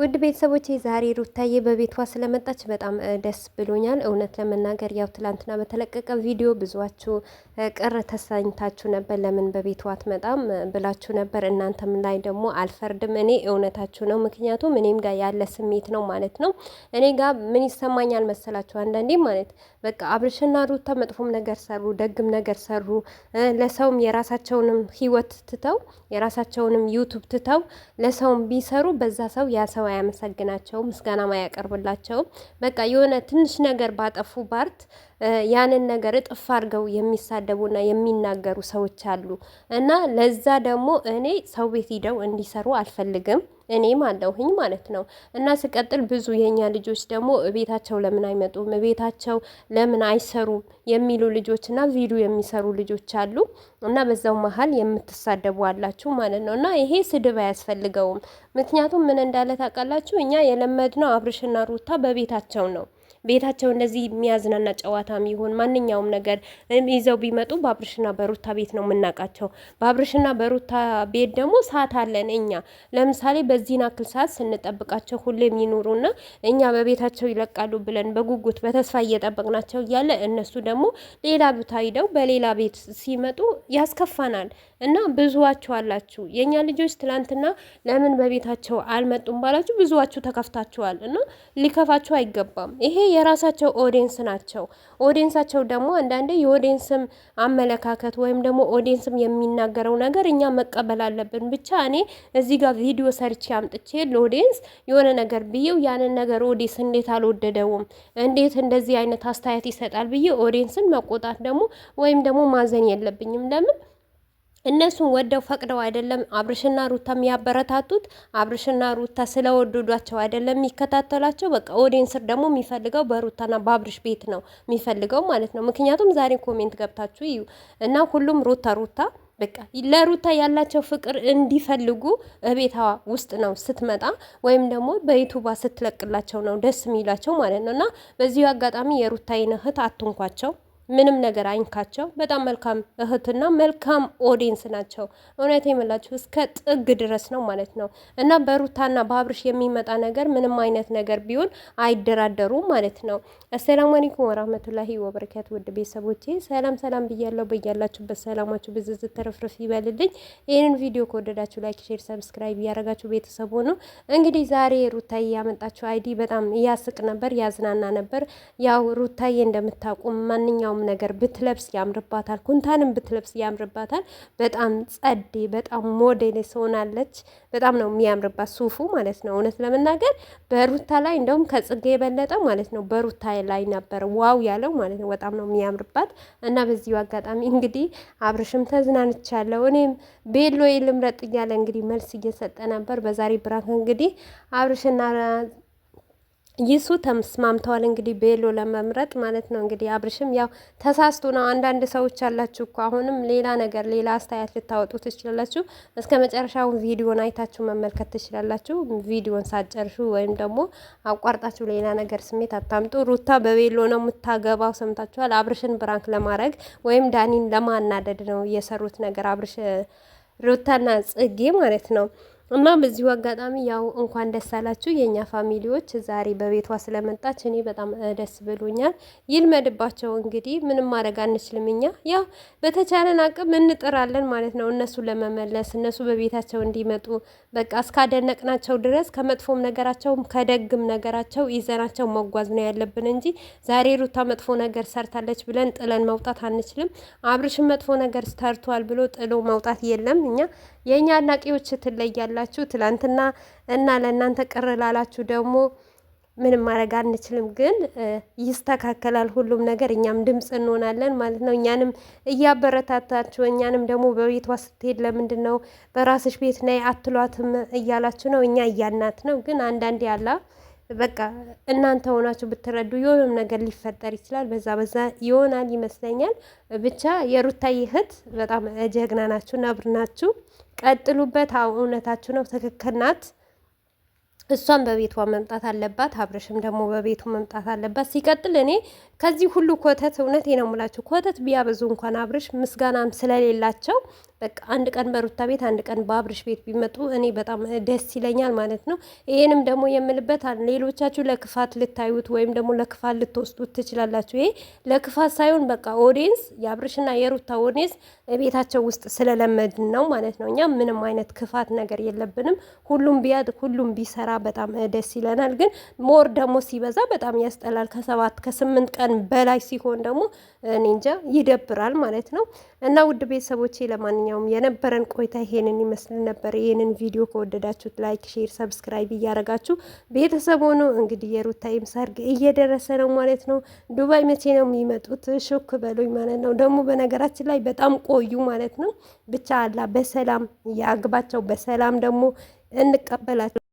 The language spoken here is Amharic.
ውድ ቤተሰቦች ዛሬ ሩታዬ በቤቷ ስለመጣች በጣም ደስ ብሎኛል። እውነት ለመናገር ያው ትላንትና በተለቀቀ ቪዲዮ ብዙችሁ ቅር ተሰኝታችሁ ነበር፣ ለምን በቤቷ አትመጣም ብላችሁ ነበር። እናንተም ላይ ደግሞ አልፈርድም፣ እኔ እውነታችሁ ነው። ምክንያቱም እኔም ጋር ያለ ስሜት ነው ማለት ነው። እኔ ጋር ምን ይሰማኛል መሰላችሁ? አንዳንዴ ማለት በቃ አብርሽና ሩታ መጥፎም ነገር ሰሩ፣ ደግም ነገር ሰሩ። ለሰውም የራሳቸውንም ህይወት ትተው የራሳቸውንም ዩቱብ ትተው ለሰውም ቢሰሩ በዛ ሰው ያሰው ማያመሰግናቸው ምስጋና ማያቀርብላቸው በቃ የሆነ ትንሽ ነገር ባጠፉ ባርት ያንን ነገር እጥፍ አድርገው የሚሳደቡና የሚናገሩ ሰዎች አሉ። እና ለዛ ደግሞ እኔ ሰው ቤት ሂደው እንዲሰሩ አልፈልግም። እኔም አለሁኝ ማለት ነው። እና ስቀጥል ብዙ የኛ ልጆች ደግሞ ቤታቸው ለምን አይመጡም፣ ቤታቸው ለምን አይሰሩም የሚሉ ልጆች እና ቪዲዮ የሚሰሩ ልጆች አሉ። እና በዛው መሀል የምትሳደቡ አላችሁ ማለት ነው። እና ይሄ ስድብ አያስፈልገውም። ምክንያቱም ምን እንዳለ ታውቃላችሁ? እኛ የለመድነው አብርሽና ሩታ በቤታቸው ነው ቤታቸው እንደዚህ የሚያዝናና ጨዋታ የሚሆን ማንኛውም ነገር ይዘው ቢመጡ በአብርሽና በሩታ ቤት ነው የምናውቃቸው። በአብርሽና በሩታ ቤት ደግሞ ሰዓት አለን እኛ። ለምሳሌ በዚህን አክል ሰዓት ስንጠብቃቸው ሁሌም ይኑሩና እኛ በቤታቸው ይለቃሉ ብለን በጉጉት በተስፋ እየጠበቅናቸው እያለ እነሱ ደግሞ ሌላ ቦታ ሂደው በሌላ ቤት ሲመጡ ያስከፋናል። እና ብዙዋችሁ አላችሁ የእኛ ልጆች ትላንትና ለምን በቤታቸው አልመጡም ባላችሁ ብዙዋችሁ ተከፍታችኋል። እና ሊከፋችሁ አይገባም። ይሄ የራሳቸው ኦዲየንስ ናቸው። ኦዲንሳቸው ደግሞ አንዳንዴ የኦዲንስም አመለካከት ወይም ደግሞ ኦዲንስም የሚናገረው ነገር እኛ መቀበል አለብን። ብቻ እኔ እዚህ ጋር ቪዲዮ ሰርቼ አምጥቼ ለኦዲንስ የሆነ ነገር ብዬው ያንን ነገር ኦዲስ እንዴት አልወደደውም፣ እንዴት እንደዚህ አይነት አስተያየት ይሰጣል ብዬ ኦዲንስን መቆጣት ደግሞ ወይም ደግሞ ማዘን የለብኝም ለምን እነሱን ወደው ፈቅደው አይደለም አብርሽና ሩታ የሚያበረታቱት፣ አብርሽና ሩታ ስለወደዷቸው አይደለም የሚከታተላቸው። በቃ ኦዲየንስ ደግሞ የሚፈልገው በሩታና በአብርሽ ቤት ነው የሚፈልገው ማለት ነው። ምክንያቱም ዛሬ ኮሜንት ገብታችሁ እዩ እና ሁሉም ሩታ ሩታ በቃ ለሩታ ያላቸው ፍቅር እንዲፈልጉ እቤታ ውስጥ ነው ስትመጣ ወይም ደግሞ በዩቱባ ስትለቅላቸው ነው ደስ የሚላቸው ማለት ነው። እና በዚሁ አጋጣሚ የሩታ እህት አትንኳቸው። ምንም ነገር አይንካቸው። በጣም መልካም እህትና መልካም ኦዲንስ ናቸው። እውነት የምላችሁ እስከ ጥግ ድረስ ነው ማለት ነው እና በሩታና በአብርሽ የሚመጣ ነገር ምንም አይነት ነገር ቢሆን አይደራደሩም ማለት ነው። አሰላሙ አለይኩም ወራህመቱላሂ ወበረካቱ። ውድ ቤተሰቦቼ ሰላም ሰላም ብያለሁ። በያላችሁበት ሰላማችሁ ብዝዝ ተረፍርፍ ይበልልኝ። ይህንን ቪዲዮ ከወደዳችሁ ላይክ፣ ሼር፣ ሰብስክራይብ እያደረጋችሁ ቤተሰቡ ነው እንግዲህ ዛሬ ሩታዬ እያመጣችሁ አይዲ በጣም እያስቅ ነበር፣ ያዝናና ነበር። ያው ሩታዬ እንደምታውቁም ማንኛውም ማንኛውም ነገር ብትለብስ ያምርባታል። ኩንታንም ብትለብስ ያምርባታል። በጣም ጸዴ፣ በጣም ሞዴል ሰሆናለች። በጣም ነው የሚያምርባት ሱፉ ማለት ነው። እውነት ለመናገር በሩታ ላይ እንደውም ከጽጌ የበለጠ ማለት ነው በሩታ ላይ ነበር ዋው ያለው ማለት ነው። በጣም ነው የሚያምርባት እና በዚሁ አጋጣሚ እንግዲህ አብርሽም ተዝናንቻለሁ እኔም ቤሎ ልምረጥ እያለ እንግዲህ መልስ እየሰጠ ነበር። በዛሬ ብራንክ እንግዲህ አብርሽና ይሱ ተስማምተዋል እንግዲህ ቤሎ ለመምረጥ ማለት ነው። እንግዲህ አብርሽም ያው ተሳስቶ ነው። አንዳንድ ሰዎች አላችሁ እኮ አሁንም ሌላ ነገር ሌላ አስተያየት ልታወጡ ትችላላችሁ። እስከ መጨረሻው ቪዲዮን አይታችሁ መመልከት ትችላላችሁ። ቪዲዮን ሳጨርሹ ወይም ደግሞ አቋርጣችሁ ሌላ ነገር ስሜት አታምጡ። ሩታ በቤሎ ነው የምታገባው ሰምታችኋል። አብርሽን ብራንክ ለማድረግ ወይም ዳኒን ለማናደድ ነው የሰሩት ነገር አብርሽ ሩታና ጽጌ ማለት ነው። እና በዚሁ አጋጣሚ ያው እንኳን ደስ አላችሁ የእኛ ፋሚሊዎች ዛሬ በቤቷ ስለመጣች እኔ በጣም ደስ ብሎኛል። ይልመድባቸው እንግዲህ ምንም ማድረግ አንችልም። እኛ ያው በተቻለን አቅም እንጥራለን ማለት ነው እነሱ ለመመለስ እነሱ በቤታቸው እንዲመጡ በቃ እስካደነቅናቸው ድረስ ከመጥፎም ነገራቸው ከደግም ነገራቸው ይዘናቸው መጓዝ ነው ያለብን እንጂ ዛሬ ሩታ መጥፎ ነገር ሰርታለች ብለን ጥለን መውጣት አንችልም። አብርሽን መጥፎ ነገር ሰርቷል ብሎ ጥሎ መውጣት የለም። እኛ የእኛ አድናቂዎች ትለያለ ላላችሁ ትላንትና እና ለእናንተ ቅር ላላችሁ ደግሞ ምንም ማድረግ አንችልም፣ ግን ይስተካከላል ሁሉም ነገር። እኛም ድምፅ እንሆናለን ማለት ነው። እኛንም እያበረታታችሁ እኛንም ደግሞ በቤቷ ስትሄድ ለምንድን ነው በራስሽ ቤት ነይ አትሏትም እያላችሁ ነው። እኛ እያናት ነው፣ ግን አንዳንዴ ያላ በቃ እናንተ ሆናችሁ ብትረዱ የሆነም ነገር ሊፈጠር ይችላል። በዛ በዛ ይሆናል ይመስለኛል። ብቻ የሩታዬ እህት በጣም ጀግና ናችሁ፣ ነብር ናችሁ። ቀጥሉበት። አዎ እውነታችሁ ነው፣ ትክክል ናት። እሷን በቤቷ መምጣት አለባት። አብረሽም ደግሞ በቤቱ መምጣት አለባት። ሲቀጥል እኔ ከዚህ ሁሉ ኮተት እውነት ነው የምላቸው ኮተት ቢያበዙ እንኳን አብረሽ ምስጋናም ስለሌላቸው በቃ አንድ ቀን በሩታ ቤት አንድ ቀን በአብርሽ ቤት ቢመጡ እኔ በጣም ደስ ይለኛል ማለት ነው። ይሄንም ደግሞ የምልበት ሌሎቻችሁ ለክፋት ልታዩት ወይም ደግሞ ለክፋት ልትወስዱት ትችላላችሁ። ይሄ ለክፋት ሳይሆን በቃ ኦዲንስ የአብርሽና የሩታ ኦዲንስ ቤታቸው ውስጥ ስለለመድን ነው ማለት ነው። እኛ ምንም አይነት ክፋት ነገር የለብንም። ሁሉም ቢያድ ሁሉም ቢሰራ በጣም ደስ ይለናል። ግን ሞር ደግሞ ሲበዛ በጣም ያስጠላል። ከሰባት ከስምንት ቀን በላይ ሲሆን ደግሞ እኔ እንጃ ይደብራል ማለት ነው እና ውድ ቤተሰቦቼ ለማንኛ ለማንኛውም የነበረን ቆይታ ይሄንን ይመስል ነበር። ይሄንን ቪዲዮ ከወደዳችሁት ላይክ፣ ሼር፣ ሰብስክራይብ እያረጋችሁ ቤተሰብ ሆኖ እንግዲህ የሩታይም ሰርግ እየደረሰ ነው ማለት ነው። ዱባይ መቼ ነው የሚመጡት? ሹክ በሉኝ ማለት ነው። ደግሞ በነገራችን ላይ በጣም ቆዩ ማለት ነው። ብቻ አላ በሰላም ያግባቸው፣ በሰላም ደግሞ እንቀበላቸው።